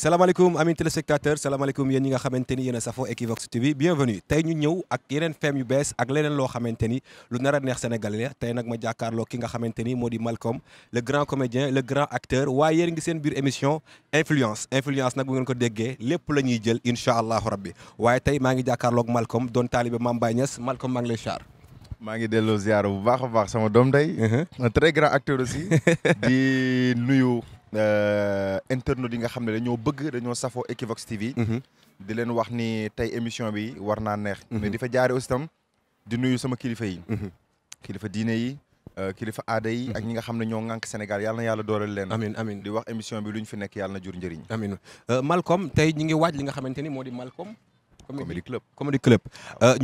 salaamaaleykum amis téléspectateurs salaamaaleykum yéen ñi nga xamante ni yéen a safoo Equivox TV bienvenue tey ñu ñëw ak yeneen feem yu bees ak leneen loo xamante ni lu nar a neex sénégalais la tey nag ma jàkkaarloo ki nga xamante ni moo di Malcom le grand comédien le grand acteur waaye yéen ngi seen biir émission influence influence nag bu ngeen ko déggee lépp la ñuy jël incha allahu rabbi waaye tey maa ngi jàkkaarloog Malcom doon taalibe Mame Baye Niass Malcom maa ngi maa ngi delloo ziar bu baax a baax sama doom day uh-huh. un très grand acteur aussi. di nuyu euh, internautes yi nga xam ne dañoo bëgg dañoo safo Equivox TV. Uh-huh. di leen wax ni tey émission bi war naa neex. Uh-huh. mais di fa jaaree aussi tam di nuyu sama kilifa yi. kilifa diine yi. Euh, kilifa aada yi ak ñi nga xam ne ñoo ŋànk Sénégal yàlla na yàlla dooleel leen. amiin amiin di wax émission bi lu ñu fi nekk yàlla na jur njëriñ. amiin euh, Malcom tey ñi ngi waaj li nga xamante ni moo di Malcom. Comedy Club Comedy Club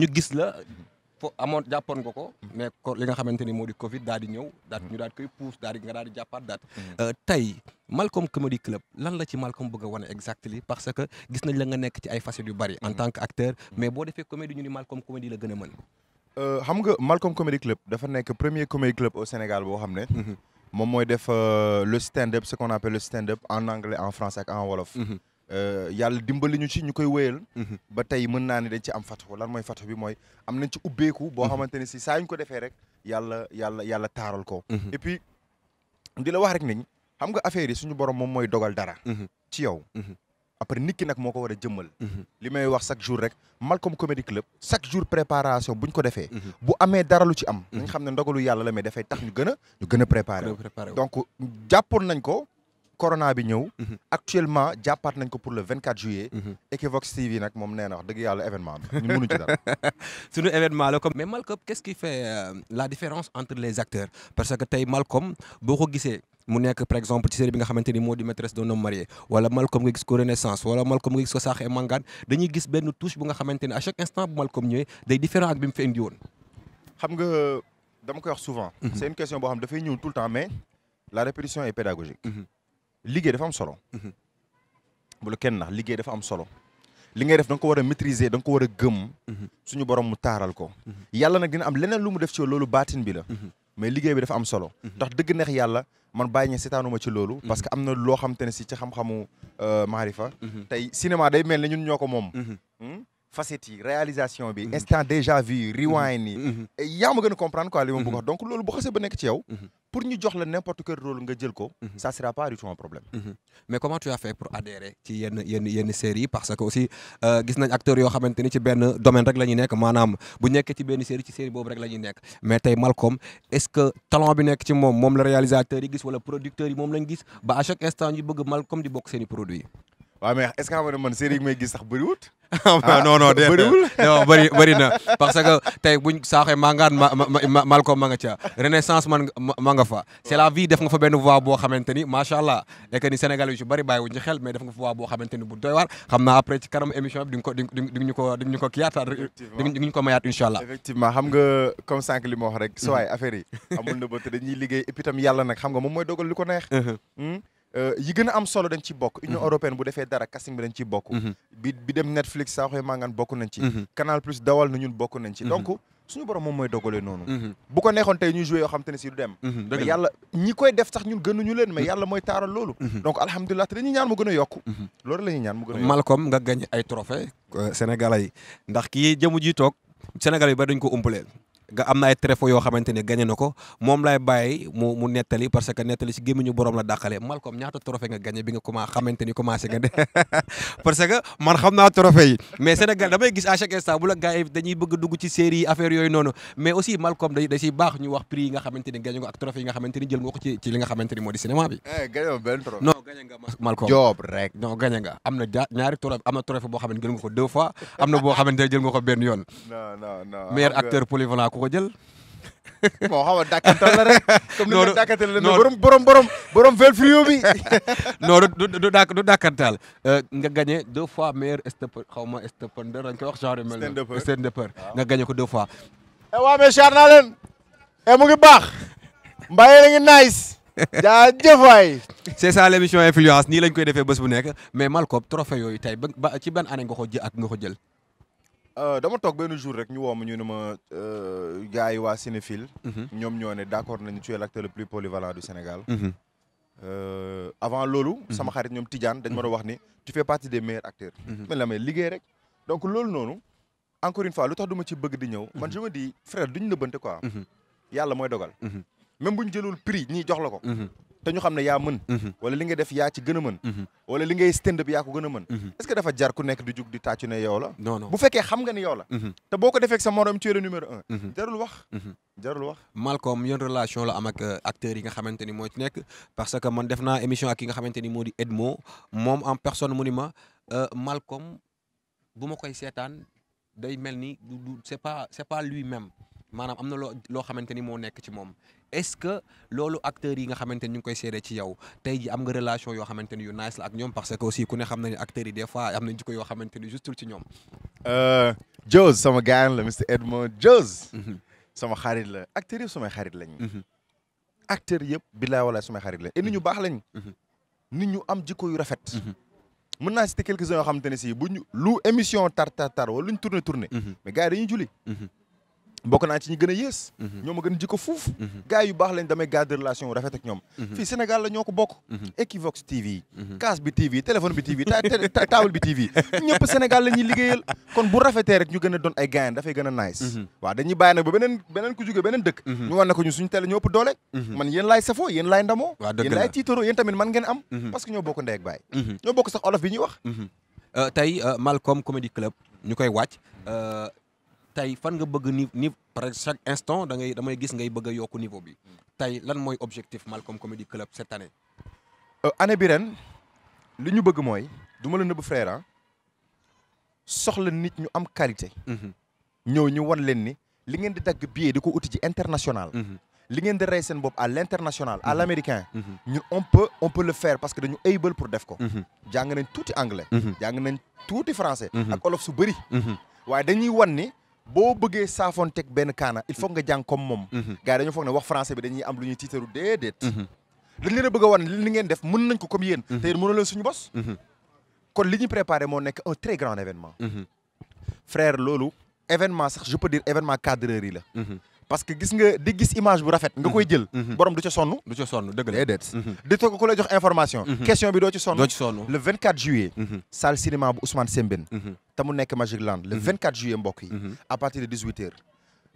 ñu gis la mm-hmm. jàpp amoon jàppoon nga ko. mais ko li nga xamante ni Covid daal ñëw. daal ñu daal koy pousse daal nga daal jàppaat daal. Mm-hmm. Euh, tey Malcom Comedy Club lan la ci Malcom bëgg wane exactly parce que gis nañ la nga nekk ci ay facettes yu bari. en mm-hmm. tant que acteur mm-hmm. mais boo defee comédie ñu ni Malcom Comedy la gën a mën. Euh, xam nga Malcom Comedy Club dafa nekk premier comedy club au Sénégal boo xam ne. moom mooy def euh, le stand up ce qu'on appelle le stand up en anglais en Euh, yàlla dimbali ñu ci ñu koy woyeel mhm. ba tey mën naa ne dañ ci am fataxu lan mooy fataxu bi mooy am nañ ci ubbeeku boo mhm. xamante ne si saa ñu ko defee rek yàlla yàlla yàlla taaral ko mhm. et puis di la wax rek nañ xam nga affaire yi suñu borom moom mooy dogal dara ci yow après nit ki nag moo ko war a jëmmal li may wax chaque jour rek Malcom Comedy Club chaque jour préparation buñ ko defee bu amee dara lu ci am dañ xam ne ndogalu yàlla la mais defee tax ñu gën a ñu gën a préparé donc jàppoon nañ ko corona bi ñëw. Mhm. actuellement jàppaat nañ le 24 juillet. Mhm. Equivox TV nag moom nee na wax dëgg yàlla événement bi ñu mënu ci dara. suñu événement la comme mais Malcom qu'est-ce qui euh, la différence entre les acteurs parce que tey Malcom boo ko gisee mu nekk par exemple ci série bi nga xamante ni moo di maîtresse d'un homme marié wala Malcom nga gis ko Renaissance wala Malcom nga gis ko Saax et Mangane dañuy gis benn touche bu nga xamante ni chaque instant bu Malcom ñëwee day différent mhm. boo xam dafay ñëw tout le temps mais la répétition liggéey dafa am solo. Mhm. bu kenn nax liggéey dafa am solo. li ngay def da nga ko war a maîtriser da nga ko war a gëm. Mhm. suñu borom mu taaral ko. Mhm. yàlla nag dina am leneen lu mu def ci loolu baatin bi la. mais liggéey bi dafa am solo. ndax dëgg neex yàlla man bàyyi ñu seetaanuma ci loolu. parce que am na loo xam te ne si ci xam-xamu euh, maarifa. tey cinéma day mel ne ñun ñoo ko moom. Hmm? facettes yi réalisation bi. instant déjà vu rewind yi. yaa gën a comprendre quoi li ma donc loolu bu xasee ba nekk ci yow. pour ñu jox la n'importe quel rôle nga jël ko. Mhm. ça sera pas du problème. Mhm. mais comment tu fait pour adhérer ci yenn yenn série parce que aussi euh, gis nañ acteurs yoo xamante ni ci benn domaine rek la ñuy nekk maanaam bu nekkee ci benn série ci série boobu rek la nekk mais tey Malcolm est-ce que talent bi nekk ci moom moom la réalisateur yi gis wala producteurs yi moom lañ gis ba à chaque instant ñu bëgg Malcolm di bokk seen i waaw mais est-ce que xam nga man série yi may gis sax bëriwut. Ah, non non déedéet bëriwul non bëri na parce que tey buñ saaxee mangaan ma ma ca renaissance man fa. c'est la vie def nga fa benn voix boo xamante ni allah et ni Sénégal yu ci bëri bàyyiwuñ ci xel mais def nga fa voix boo xamante ni waar xam naa après ci émission bi ñu ko di nga ñu ko mayaat incha allah. effectivement xam nga comme sànq li rek. su waay na ba te moom mooy dogal li Euh, yi gën a am solo dañ ci bokk mhm. union européenne bu defee dara casting bi dañ ciy bokk mhm. bi bi dem netflix saaxoy maangaan bokk nañ ci mhm. canal plus dawal na ñun bokk nañ ci donc suñu borom moom mooy dogalee noonu bu ko neexoon tey ñuy joué xam te ne dem mais yàlla ñi koy def sax ñun gënuñu leen mais yàlla mooy taaral loolu donc alhamdulilah te dañuy ñaan mu gën a yokk loolu la ñaan mu gën a yokk Malcom nga gagné ay trophée euh, sénégalais yi ndax kii jëmu ji toog sénégalais ba dañ ko umpaleel nga am na ay trophées yoo xamante ne gagné na ko moom lay bàyyi mu mu nettali parce que nettali si gémmiñu borom la dàqale Malcom ñaata trophée yi mais Sénégal damay gis à chaque instant bu dañuy bëgg dugg ci série affaire yooyu noonu mais eh, na ja ñaari trophée am na trophée boo xamante ni jël am na boo xamante ni acteur polyvalent ku ko jël. moo xaw a dàkkantal la rek. comme ni nga dàkkantal borom borom borom borom Velfrio bi. non du du du dàkkantal euh, nga gagné deux fois meilleur step xaw ma stepender dañ koy wax genre mel. stendepeur stendepeur nga gagné ko deux fois. Eh, waa mais char naa leen. Eh, mu ngi baax. mbaye la ngi nice. jaajëf waay. c'est ça l'émission influence nii lañ koy defee bés bu nekk mais Malcom trophée yooyu tey ba ci ban année nga ko ji nga ko jël. Euh, dama toog benn jour rek ñu woo ma ñu ne ma euh, gars yi waa cinéphile. Mhm. ñoom ñoo ne d' accord nañu tu es l' acteur le plus polyvalent du Sénégal. Mhm. Euh, avant loolu. Mhm. sama xarit ñoom Tidiane dañ ma doon wax ni tu fais partie des meilleurs acteurs. mais la may liggéey rek donc loolu noonu encore une fois lu tax du ci bëgg di ñëw. man je me dis frère duñ nëbbante quoi. yàlla mooy dogal. même bu ñu jëlul prix ñii jox la ko. te ñu xam ne yaa mën mhm. wala li nga def yaa ci gën a mën mhm. wala li ngay stand up yaa ko gën a mën mhm. est-ce que dafa jar ku nekk di jug di tàccu ne yow la non non bu fekkee xam nga ne yow te boo ko defee sa morom ci le numéro un jarul wax jarul wax Malcom relation la am ak euh, acteurs yi nga xamante ni moo ci nekk parce que man def naa émission ak ki nga xamante ni moo di Edmo moom en personne mu ni ma euh, Malcom bu ma koy seetaan day mel ni du c'est pas c'est pas lui-même maanaam am na loo loo xamante ni moo nekk ci moom est-ce loolu acteurs yi nga xamante ni ñu ngi koy seede ci yow tey ji am nga relation yoo xamante ni yu nice la ak ñoom parce que aussi ku ne xam na ne acteurs yi des fois am na jikko euh, sama gars la Mr Edmond Jose. Mhm. sama xarit la acteurs samay xarit lañ. Mhm. acteurs yëpp billaay walaay samay xarit lañ. et nit ñu baax lañ. Mhm. nit ñu am jikko yu rafet. mën naa citer quelques-uns yoo xamante ne si buñ lu émission tar tar tar wala ñu tourné tourné. mais gars yi dañuy julli. bokk naa ci ñi gën a yées mhm. ñoo ma jikko fuuf mhm. gars yu baax lañ damay garder relation rafet ak ñoom mhm. fii Sénégal ñoo ko bokk Equivox TV Kaas bi TV téléphone bi TV table bi TV ñëpp Sénégal la ñuy kon bu rafetee rek ñu gën a doon ay gaayan dafay gën nice waaw dañuy bàyyi nag ba beneen ku jógee beneen dëkk ñu war ne ko ñu suñu télé ñoo ëpp doole man yéen laay safoo yéen laay ndamoo yéen laay tiitaroo yéen tamit man ngeen am parce que ñoo tey fan nga bëgg ni ni par chaque instant da damay gis ngay bëgg yokk yokku bi tey lan mooy objectif Malcom Comedy Club cette année. Euh, année bi ren li ñu bëgg mooy duma ma la nëbb frère ah, soxla nit ñu am qualité. Mhm. ñëw ñu wan leen ni li ngeen di dagg billet di ko uti ji international. Mhm. li ngeen di rey seen bopp à l'international à mhm. l'américain ñun on peut on peut le faire parce que dañu able pour def ko jàng nañ tuuti anglais jàng nañ tuuti français ak su bëri boo bëggee saafoonteeg benn kaana il faut nga jàng comme moom. Mhm. gars yi dañoo foog ne wax français bi dañuy am lu ñuy tiitaru déedéet. Mhm. dañ leen a bëgg a wan li ngeen def mën nañ ko comme yéen. Mhm. te yéen mënoo leen suñu bos. kon li ñu préparé moo nekk un très grand événement. frère loolu événement sax je peux dire événement cadreur yi la. parce que gis nga di gis image bu rafet nga mhm. koy jël mhm. borom du ca sonn du ca sonn dëgg la déedéet mhm. di toog ku lay jox information question bu Ousmane Sembène te nekk Magic Land le 24 juillet mbokk partir de 18 heures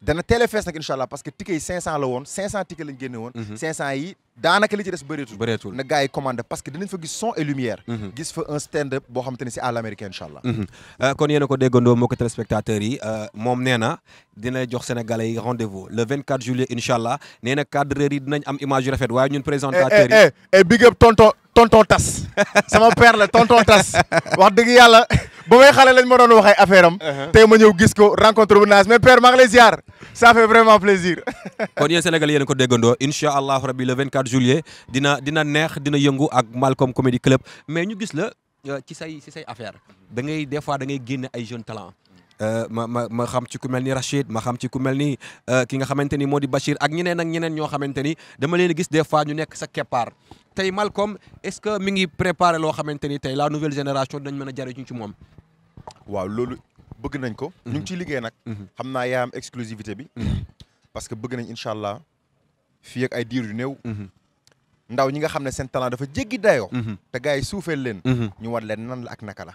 dana teel nag incha parce que ticket yi la woon 500 ticket lañ génne woon. 500 mhm. yi daanaka li ci des bëreetul. na gars yi parce que dinañ fa son et lumière. Mhm. gis fa un stand up boo xamante ni si à l'américain incha mhm. euh, kon yéen ko déggandoo mbokki téléspectateurs yi euh, moom nee dina jox sénégalais yi rendez le 24 juillet incha allah nee am image yu waaye ñun présentateurs yi. et eh, eh, eh, big up tas sama père la tonton tas wax boo may xale lañ ma doon wax ay affaire uh-huh. tey ma gis ko rencontre bu naas mais père maa ngi lay ziar ça fait vraiment plaisir. kon yéen Sénégal yéen ko dina dina neex dina yëngu ak Malcolm Comedy Club mais ñu gis la euh, ci say say affaire da ngay des fois da ngay génne ay jeunes talents. Euh, ma ma ma xam ci ku mel ni Rachid ma xam ci ku mel ni euh, ki nga xamante ni moo di Bachir ak ñeneen ak ñeneen ñoo xamante ni dama leen gis des fois ñu nekk sa keppaar tey Malcolm est-ce que mi ngi préparé loo xamante ni tey la nouvelle génération dañ mën a jariñu ci moom. waaw loolu bëgg nañ ko. Mhm. ñu ci liggéey nag. Mhm. xam naa yaa am exclusivité bi. Mhm. parce que bëgg nañ incha allah fii ay diir yu néew. ndaw ñi nga xam ne seen talent dafa jéggi dayo te gars yi suufeel leen. ñu war leen nan la ak naka la.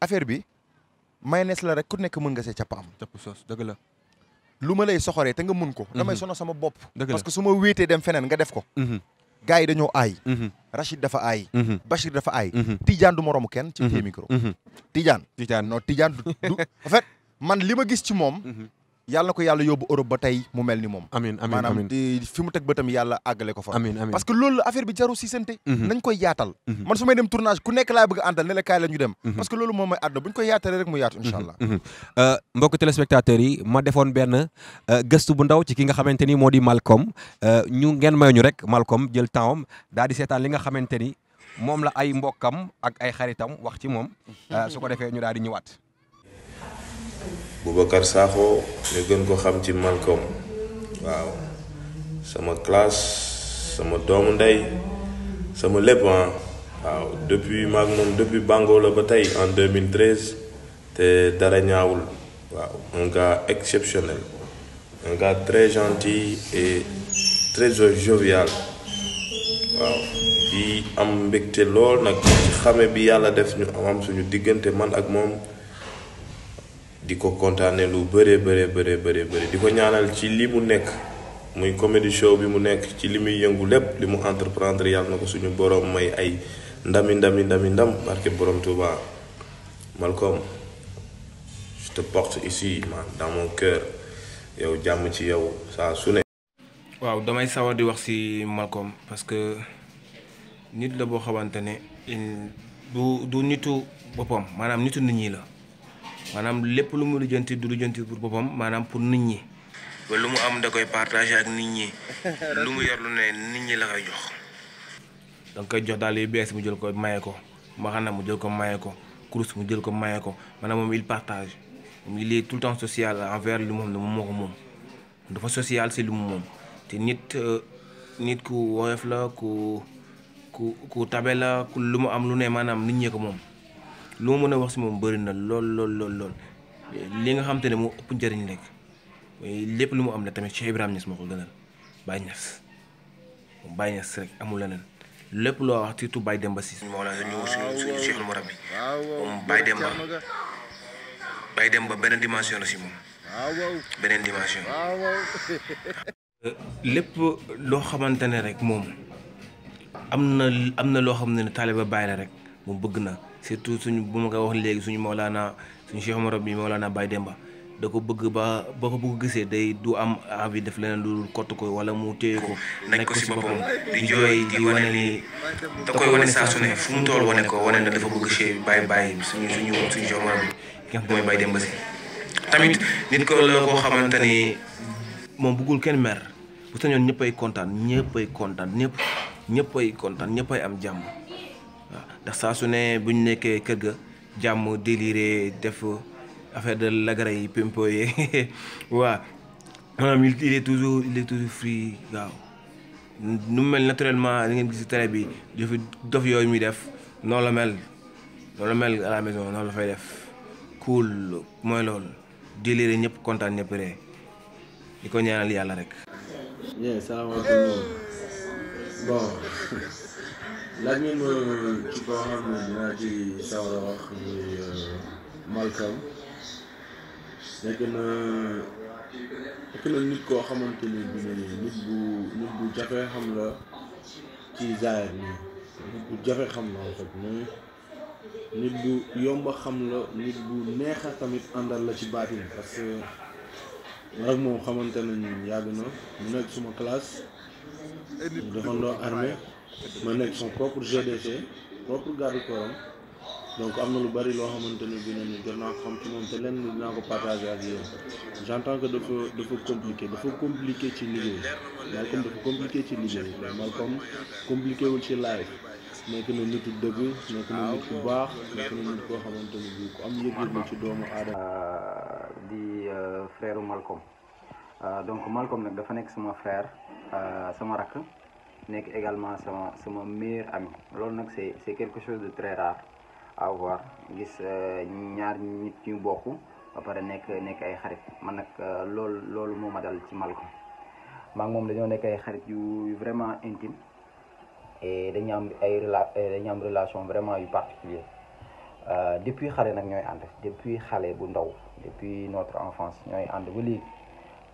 affaire bi mayonnaise la rek ku nekk mën nga see capp am. capp soos la. lu ma lay soxoree te nga mën ko. damay sono sama bopp. parce que su ma dem feneen nga def ko. gars yi dañoo aay. Mhm. Rachid dafa aay. Mhm. Bachir dafa aay. Mhm. Tidiane du moromu kenn ci téye micro. Tidiane. Tidiane du en man li ma gis ci moom. yàlla na ko yàlla yóbbu Europe ba tey mu mel ni moom amiin amiin maanaam fi mu teg ba bëtam yàlla àggale ko fa amiin amiin parce que loolu affaire bi jaru siisante mhm. nañ koy yaatal mhm. man su may dem tournage ku nekk laay bëgg a àndal ne la kaay la ñu dem mhm. parce que loolu moom mooy àdduna bu ñu koy yaatalee rek mu yaatu incha allah euh, mbokk téléspectateurs yi ma defoon benn euh, gëstu bu ndaw ci ki nga xamante ni moo di Malcom euh, ñu ngeen mayu ñu rek Malcom jël tempsam daal di seetaan li nga xamante ni moom la ay mbokkam ak ay xaritam wax ci moom su ko defee ñu daal di ñëwaat Boubacar Sakho ñu gën ko xam ci Malcom waaw sama classe sama doomu ndey sama lépp ah. waaw depuis maag moom depuis Bango la ba tey en 2013 te dara ñaawul waaw un gars exceptionnel un gars très gentil et très jovial waaw di am mbégte lool nag ci xame bi yàlla def ñu am suñu diggante man ak moom. di ko kontaane lu bëree bëree bëree bëree bëri di ko ñaanal ci lii mu nekk muy comédie show bi mu nekk ci li muy yëngu lépp li mu entreprendre yàlla na ko suñu borom may ay ndami ndami ndami ndam barke borom Touba Malcolm je te porte ici man yow jàmm ci yow saa su ne. waaw damay sawar di wax ci Malcolm parce que nit la boo xamante ne du nitu boppam maanaam nitu nit ñi la. maanaam lépp lu mu lijjanti du lijjanti pour boppam maanaam pour nit ñi. ba lu mu am da koy partagé ak nit ñi lu mu yor lu ne nit ñi la koy jox. da nga koy jox daal yu bees mu jël ko maye ko mbaxana mu jël ko maye ko kurus mu jël ko maye ko maanaam moom il partage moom il est tout le temps social envers lu mu xam ne moom moo ko moom dafa social si lu mu moom te nit euh, nit ku woyof la ku ku ku tabe la ku lu mu am lu ne maanaam nit ñee ko moom. lu ma mën a wax si moom bëri na lool lool lool lool li nga xam te ne moo ëpp njëriñ rek lépp lu mu am la tamit Cheikh Ibrahima Niass moo ko gënal Baye Niass moom Baye Niass rek amul leneen lépp loo wax surtout Baye Demba si. moo la ñu suñu suñu bi moom Baye Demba beneen dimension la si beneen dimension. lépp xamante ne rek moom am na am na loo xam ne taaliba Baye la rek moom bëgg na. surtout suñu bu ma wax léegi suñu Mawlaana suñu Cheikh Omar bi Mawlaana Baye Demba da ko bëgg ba ba ko bëgg gisee day du am envie def leneen lu kott ko wala mu téye ko. nekk ko si boppam di ni da koy wane saa su fu mu tool wane ko wane na dafa bëgg Cheikh Baye Baye suñu suñu suñu Cheikh Omar bi mooy Demba si. tamit nit ko la koo ni. moom bëggul kenn mer bu sañoon ñëppay kontaan ñëppay kontaan ñëpp ñëppay kontaan ñëppay am jàmm. waaw ndax saa su ne bu ñu nekkee kër ga jàmm déliré def affaire de lagara yi pimpo yi waaw maanaam il est toujours il est toujours free waaw nu mu mel naturellement li ngeen gis télé bi dafa dof yooyu muy def noonu la mel noonu la mel à la maison noonu la fay def cool mooy loolu déliré ñëpp kontaan ñëpp ree di ko ñaanal yàlla rek. laaj ngeen ma ci koo xam ne dinaa sawar a wax muy Malcolm nekk na nit koo xamante ni bi ne nit bu nit bu jafe xam la ci zaahir nii nit bu jafe xam la en fait nit bu yomba xam la nit bu neexa tamit àndal la ci baatin parce que rek moom xamante nañ yàgg na mu nekk suma classe ñu defandoo ma nekk son propre GDC propre garde corps donc am na lu bari loo xamante ne bii nañu jot naa ko xam ci moom te lenn dinaa ko partager ak yéen j'entends que dafa dafa compliqué dafa compliqué ci liggéey Malcolm dafa compliqué ci liggéey Malcolm wul ci live nekk na nitu dëgg nekk na nit ku baax nekk na nit koo xamante ne bii ku am yëg-yëg ci doomu aadama euh, di euh, frère Malcolm euh, donc Malcolm nag dafa nekk sama frère sama rakk nekk également sama sama meilleur ami loolu nag c'est c'est quelque chose de très rare à ngis gis euh, ñaar nit ñu bokk ba pare nekk nekk ay xarit man nag euh, loolu loolu moo dal ci Malcom maa moom dañoo nekk ay xarit yu vraiment intime et dañu am ay rela euh, dañu am relation vraiment yu particulier depuis xale nag ñooy ànd depuis xale bu ndaw depuis notre enfance ñooy ànd ba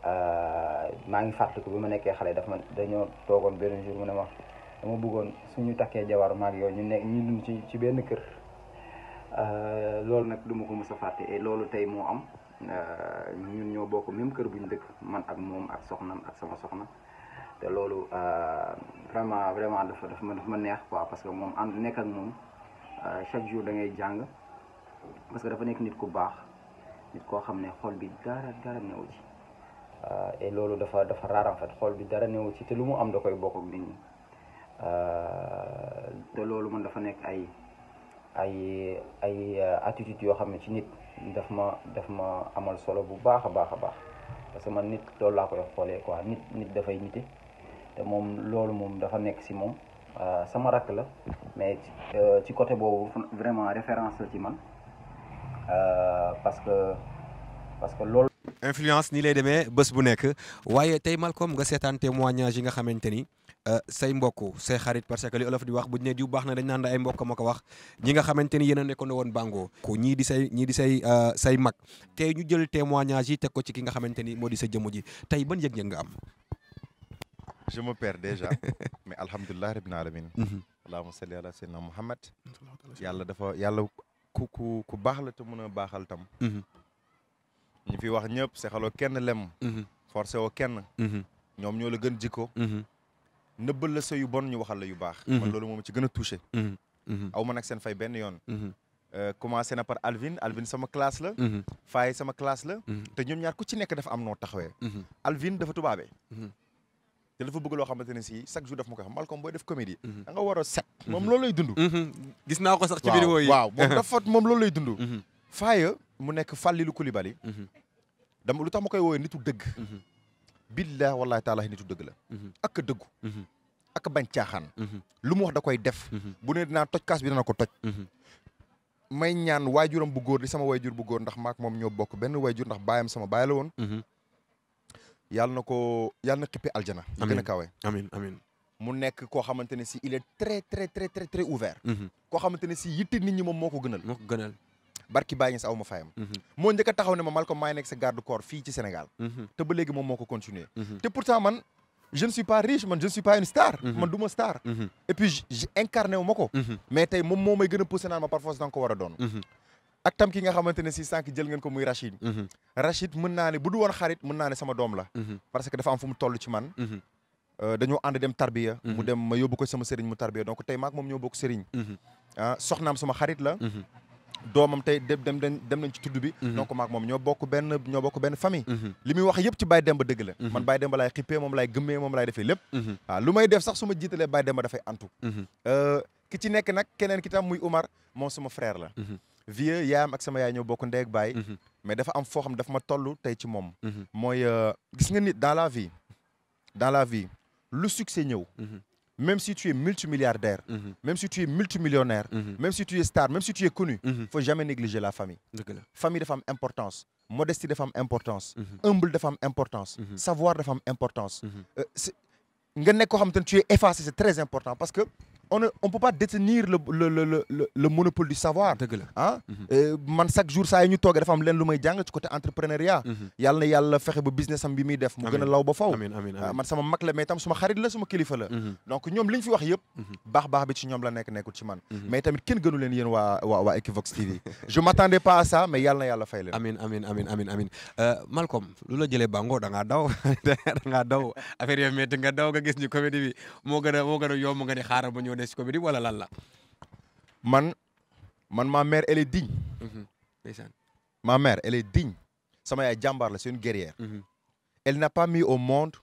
Euh, maa ngi fàttaliku bi ma nekkee xale daf ma dañoo toogoon benn jour mu ne ma dama bëggoon suñu takkee jabar maag yooyu ñu nekk ñu dund ci ci benn kër euh, loolu nag duma ko mos a fàtte loolu tey moo am euh, ñun ñoo bokk même kër bu ñu dëkk man ak moom ak soxnam ak sama soxna te loolu vraiment vraiment dafa dafa ma dafa ma neex quoi parce que moom ànd nekk ak moom chaque jour da ngay jàng parce que dafa nekk nit ku baax nit koo xam ne xol bi dara dara newu ci Euh, et loolu dafa dafa rare en xool bi dara néew ci te lu mu am da koy bokk nit ñi euh, te loolu man dafa nekk ay ay ay euh, attitude yoo xam ne ci nit daf ma daf ma amal solo bu baax a baax a baax parce que man nit loolu laa koy xoolee quoi nit nit dafay nite te moom loolu moom dafa nekk si moom sama rakk la mais ci côté boobu vraiment référence la ci man parce que parce que loolu influence ni lay demee bés bu nekk waaye tey Malcom nga seetaan témoignage yi nga xamante ni euh, say mbokk say xarit parce que li olof di wax bu ñu nee jiw baax na dañ naan ay mbokk ma ko wax ñi nga xamante ni yéen a nekkoon woon bàngoo ko ñii di say ñii di say euh, say tey ñu jël témoignage yi teg ko ci ki nga xamante ni moo di sa jëmm ji tey ban yëg-yëg nga am. je me mais alhamdulilah rabbil alamin. Mhm. allahumma salli ala sayyidina yàlla dafa yàlla ku ku ku baax la te mën a baaxal tam. Mhm. ñu fi wax ñëpp sexaloo kenn lem. Mhm. forcé woo kenn. Mhm. ñoom ñoo la gën jikko. Mhm. nëbbal la sa yu bon ñu waxal la yu baax. man loolu moom ci gën a touché. aw nag seen fay benn yoon. Euh, commencé na par Alvin Alvin sama classe la. Faye sama classe la. te ñoom ñaar ku ci nekk dafa am noo taxawee. Alvin dafa tubaabe. te dafa bëgg loo xamante ne si chaque jour daf ma koy xam Malcom booy def comédie. da nga set. moom loolu lay dund. gis naa ko sax ci vidéo yi waaw waaw moom dafa dund. faaya mu nekk Fàllilu Kulibali mhm. dama lu tax ma koy woowee nitu dëgg mhm. billaa wallahi taala nitu dëgg la mhm. ak a dëggu ak bañ caaxaan lu mu wax da koy def bu ne dinaa toj kaas bi dana ko toj may ñaan waajuram bu góor di sama waajur bu góor ndax maak moom ñoo bokk benn waajur ndax baayam sama baay la woon yàlla na ko yal na xippi aljana yu gën a kawe amin amin mu nekk koo xamante ne si il est très très très très très ouvert koo xamante ne si yitte nit ñi moom moo ko gënal moo ko gënal barki bàyyi ñes aw ma fayam mhm. moo njëkk a taxaw ne ma Malcom maay nekk sa garde corps fii ci Sénégal mhm. te ba léegi moom moo ko continuer mhm. te pourtant man je ne suis riche man je ne suis une star man du ma star et puis incarné wu ma ko mais tey moom moo may gën a poussé naan ma par force ko war a doon ak tam ki nga xamante ne si sànq jël ngeen ko muy Rachid Rachid mën naa ne bu du woon xarit mën naa ne sama doom la parce que dafa am fu mu toll ci man euh, d ànd dem tarbiya mu dem ma yóbbu ko sama sëriñ mu tarbiya donc tey maak moom ñoo bokk sëriñ ah sama xarit la doomam tey dem dem nañ ci tudd bi mhm. donc maak moom ñoo bokk benn ñoo bokk benn famille mhm. li muy wax yëpp ci Baye Demba dëgg la mhm. man Baye Demba laay xippee moom laay gëmmee moom laay defee lépp waaw lu may def sax su ma jiitalee Baye Demba dafay antu euh, ki ci nekk nag keneen ki tam muy Umar moom sama frère la vieux yaayam ak sama yaay ñoo bokk ndey ak baay mais dafa am foo xam dafa ma toll tey ci moom mooy euh, gis nga nit dans la vie dans la vie lu succès ñëw même si tu es multimilliardaire, mm -hmm. même si tu es multimillionnaire, mm -hmm. même si tu es star, même si tu es connu, il mm ne -hmm. faut jamais négliger la famille. Famille de femmes, importance. Modestie de femmes, importance. Mhm. Humble de femmes, importance. Mhm. Savoir de femmes, importance. Mhm. Euh, tu es effacé, c'est très important parce que on ne on peut pas détenir le le monopole du savoir. Ah? Mhm. man chaque jour saa ñu toogee dafa am leen lu may jàng ci côté entrepreneuriat. Mhm. yàlla na yàlla fexe ba business am bi muy def. mu gën a law ba faw ah, man sama mag la mais tam suma xarit la suma kilifa la. Mhm. donc ñoom li ñu fi wax yëpp. baax baax bi ci ñoom la nekk nekkul ci man. mais tamit kenn gënu leen yéen waa waa waa Equivox TV. je m'attendais pas à ça mais yàlla na yàlla fay leen. amiin amiin amiin euh, lu la jëlee Bango da ngaa daw da daw a moo gën a yomb nga man ma mère elle est digne. Mhm. ma mère elle est digne. sama yaay jàmbaar la c'est une guerrière. Mhm. elle n'a pas mis au monde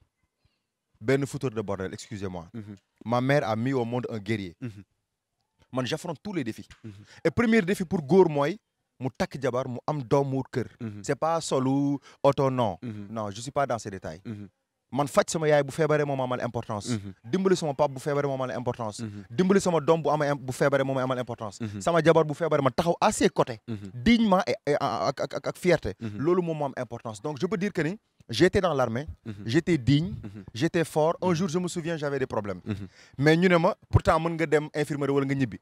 benn fouteur de bordel excusez-moi. Mhm. ma mère a mis au monde un guerrier. man j'affronte tous les défis. premier défi pour góor mooy. mu takk jabar mu am doom mu kër. c'est pas solu oto non. non je suis pas dans ces détails. man faj sama yaay bu feebaree moom amal importance mhm. dimbali sama pap bu feebaree moom amal importance mhm. dimbali sama doom bu ama bu feebaree moom amal importance mhm. sama jabar bu feebaree ma taxaw à ses côtés dignement ak ak loolu moom moo importance donc je peux dire que ni j'étais dans l'armée j'étais digne j'étais fort un jour je me souviens j'avais des problèmes mais ñu ma pourtant mën nga dem infirmerie wala nga ñibbi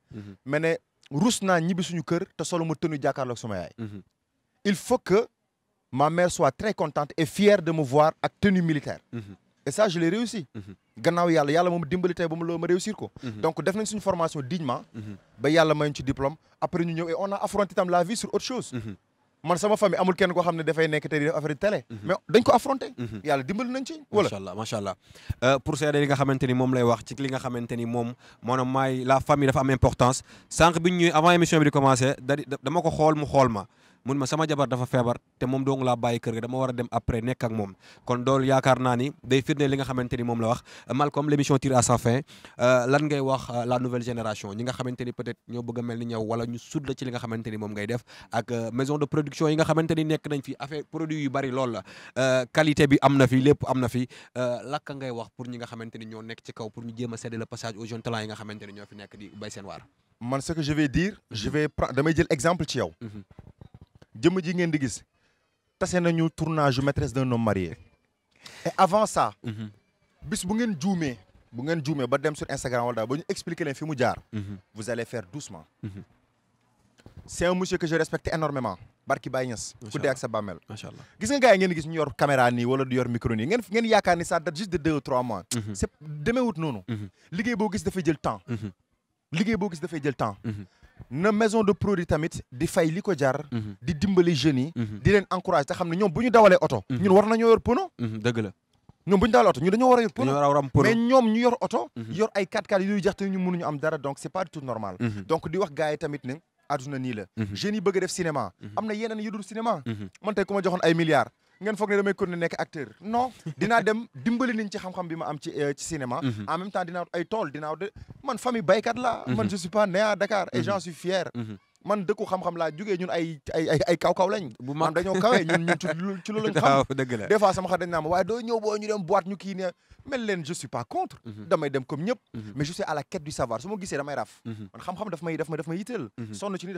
ne rus naa ñibbi suñu kër te solo ma tënu ma mère soit très contente et fière de me voir ak tenue militaire. Mhm. et ça je l'ai mhm. gannaaw yàlla yàlla moom dimbali tey ba loo ma réussir ko. Mhm. donc def nañ suñu formation dignement ba yàlla may ñu ci diplôme après ñu ñëw et on a affronté tam la vie sur autre chose. man sama famille amul kenn koo xam ne dafay nekk te di def affaire télé. mais dañ ko affronté. yàlla dimbali nañ ci wala. macha allah euh, pour seede li nga xamante ni moom lay wax ci li nga xamante ni moom maanaam maay la famille dafa am importance sànq bi ñu ñëwee avant émission bi di commencé dama ko xool mu xool ma. mun ma sama jabar dafa feebar te moom dong laa bàyyi kër ga dama war a dem après nekk ak moom kon dool yaakaar naa ni day firnde li nga xamante ni moom la wax Malcolm l'émission tire à sa fin euh, lan ngay wax euh, la nouvelle génération ñi nga xamante ni peut-être ñoo bëgg a mel ni ñëw wala ñu sud la ci li nga xamante ni moom ngay def ak euh, maison de production yi nga xamante nekk nañ fi affaire produit yu bari lool la qualité bi am na fi lépp am na fi lakka ngay wax pour ñi nga xamante ni ñoo nekk ci kaw pour ñu jéem a céder le passage aux jeunes talents yi nga xamante ni ñoo exemple ci yow mhm. jëmm ji ngeen di gis tase nañu tournage maîtresse d'un homme marié et avant sa mhm. bis bu ngeen juumee bu ngeen juumee ba dem sur Instagram wala ba ñu expliquer leen fi mu jaar mhm. vous allez faire doucement mhm. c'est un monsieur que je respecte énormément barki Baye Niass ku dee ak sa bàmmeel macha allah gis nga gars yi ngeen gis ñu yor caméra nii wala du yor micro nii ngeen ngeen yaakaar ni ça date juste de deux ou trois mois c'est demeewut noonu liggéey boo gis dafay jël temps liggéey boo gis dafay jël temps na maison de produit tamit di fay li ko jar. Mhm. di dimbali jeunes yi. Mhm. di leen encouragé te xam ne ñoom bu ñu dawalee oto. Mhm. ñun war nañoo yor pono. dëgg la ñoom bu ñu dawalee war a yor pono. mais ñoom ñu yor oto. yor ay 4x4 yuy jax te ñu am dara donc c' est pas du tout normal. donc di wax gars tamit ne àdduna nii la. jeunes yi bëgg a def cinéma. am na yeneen yu dul man tey ku ma ay milliards. ngeen foog ne damay continuer nekk acteur non dinaa dem dimbali ci xam-xam bi ma am ci euh, ci cinéma mhm. en même temps dinaa ay tool dinaa de man famille baykat la mhm. man je suis pas né à Dakar et mhm. j'en suis fier man dëkku xam-xam laa jugee ñun ay ay ay ay kaw-kaw lañ man dañoo ñun ñun ci loolu lañ xam dëgg la des fois sama xarit waaye doo ñëw boo ñu dem boîte ñu kii ne mel leen je suis pas contre damay dem comme ñëpp mais je à la quête du savoir su ma gisee damay raf man xam daf may daf may daf may yitteel sonn ci ni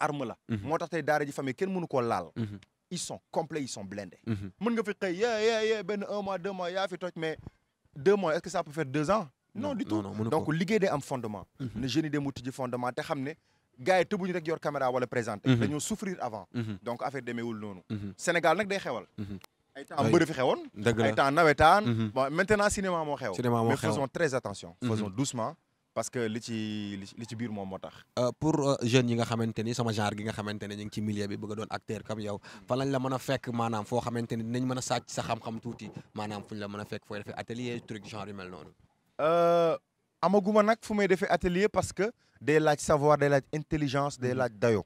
arme la. Mhm. moo tax tey daara famille kenn mënu koo laal. Mhm. ils sont complets ils sont blindés. Mhm. mën nga fi xëy yee benn un mois deux mois yaa fi toj est-ce que ça peut faire deux ans. non du tout donc liggéey day am fondement. ne jeunes yi day tijji fondement te xam ne gars yi tëbuñu rek yor caméra wala présenter. dañoo souffrir avant. donc affaire demeewul noonu. Sénégal nag day xewal. ay temps mbëri fi maintenant cinéma moo xew. mais faisons très attention. parce que li ci li ci biir moom moo tax. Euh, pour euh, jeunes yi nga xamante ni sama genre gi nga xamante ne ñu ngi ci milieu bi bëgg a doon acteur comme yow fa lañ la mën a fekk maanaam foo xamante ni dinañ mën a sàcc sa xam-xam tuuti maanaam fu ñu la mën a fekk fooy defee atelier truc genre yu mel noonu. Euh, amaguma nag fu may defee atelier parce que. day laaj savoir day laaj intelligence day laaj dayo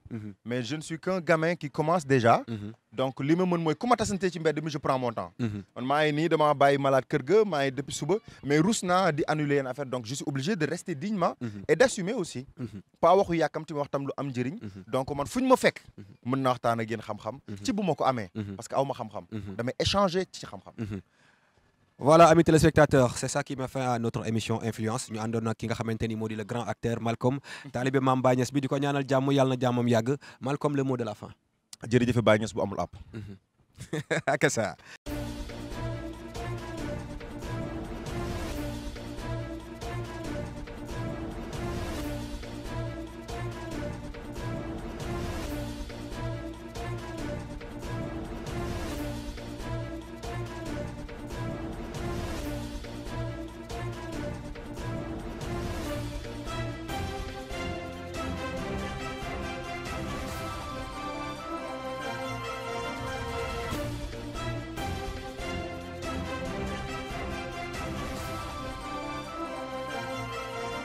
mais je ne suis qu'un gamin qui commence déjà mhm. donc li ma mën mooy ku ma tasante ci mbedd mi je prends mon temps mhm. man maa ngi nii damaa bàyyi malade kër maa ngi depuis suba mais rus naa di annule yenn affaire donc je suis obligé de rester dignement mhm. et d'assumer aussi pas waxu yàkkamti ma wax tam lu am njëriñ donc man fu ma fekk mën na wax taan yéen xam-xam ci bu ma ko amee parce que aw ma xam-xam damay échanger ci xam-xam voilà amis téléspectateurs c'est ça qui met fin à notre émission influence ñu àndoon nag ki nga le grand acteur Malcom taalibe Mame Baye Niass ko ñaanal jàmm yàlla na jàmmam yàgg le mot de la fin jërëjëf Baye Niass bu amul app mhm. ak